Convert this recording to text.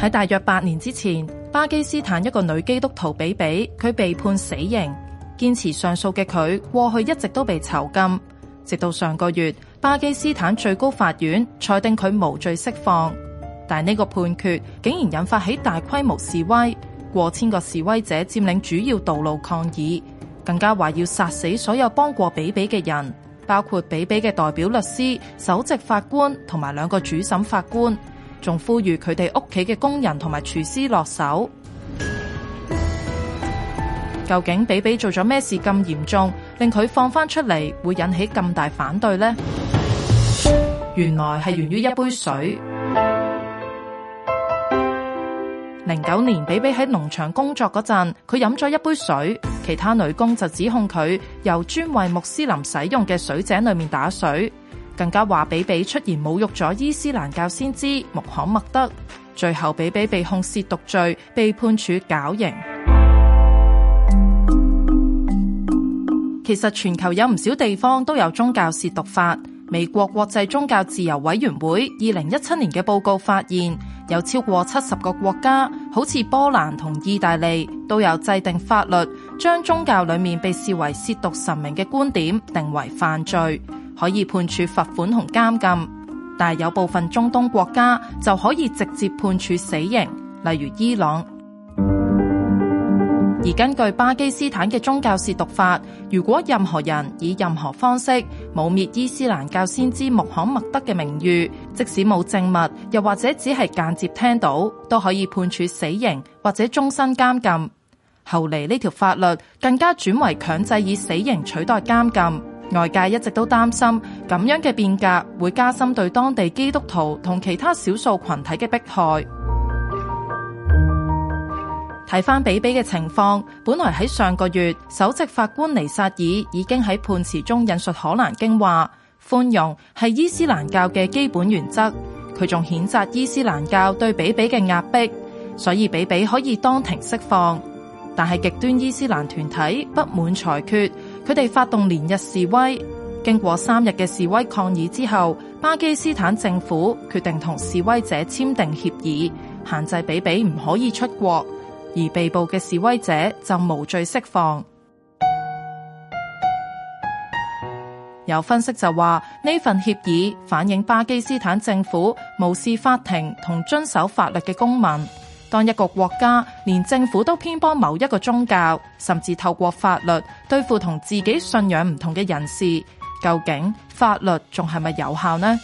喺大約八年之前，巴基斯坦一個女基督徒比比，佢被判死刑。堅持上訴嘅佢，過去一直都被囚禁，直到上個月，巴基斯坦最高法院裁定佢無罪釋放。但呢個判決竟然引發起大規模示威，過千個示威者佔領主要道路抗議，更加話要殺死所有幫過比比嘅人，包括比比嘅代表律師、首席法官同埋兩個主審法官。仲呼籲佢哋屋企嘅工人同埋廚師落手。究竟比比做咗咩事咁嚴重，令佢放翻出嚟會引起咁大反對呢？原來係源於一杯水。零九年，比比喺農場工作嗰陣，佢飲咗一杯水，其他女工就指控佢由專為穆斯林使用嘅水井裏面打水。更加話比比出現侮辱咗伊斯蘭教先知穆罕默德，最後比比被控褻瀆罪，被判處絞刑。 其實全球有唔少地方都有宗教褻瀆法。美國國際宗教自由委員會二零一七年嘅報告發現，有超過七十個國家，好似波蘭同意大利，都有制定法律將宗教裏面被視為褻瀆神明嘅觀點定為犯罪。可以判處罰款同監禁，但係有部分中東國家就可以直接判處死刑，例如伊朗。 而根據巴基斯坦嘅宗教褻瀆法，如果任何人以任何方式污衊伊斯蘭教先知穆罕默德嘅名譽，即使冇證物，又或者只係間接聽到，都可以判處死刑或者終身監禁。後嚟呢條法律更加轉為強制以死刑取代監禁。外界一直都擔心咁樣嘅變革會加深對當地基督徒同其他少數群體嘅迫害。睇翻 比比嘅情況，本來喺上個月首席法官尼薩爾已經喺判詞中引述可蘭經話，寬容係伊斯蘭教嘅基本原則。佢仲譴責伊斯蘭教對比比嘅壓迫，所以比比可以當庭釋放。但係極端伊斯蘭團體不滿裁決。佢哋發動連日示威，經過三日嘅示威抗議之後，巴基斯坦政府決定同示威者簽訂協議，限制比比唔可以出國，而被捕嘅示威者就無罪釋放。有分析就話，呢份協議反映巴基斯坦政府無視法庭同遵守法律嘅公民。當一個國家連政府都偏幫某一個宗教，甚至透過法律對付同自己信仰唔同嘅人士，究竟法律仲係咪有效呢？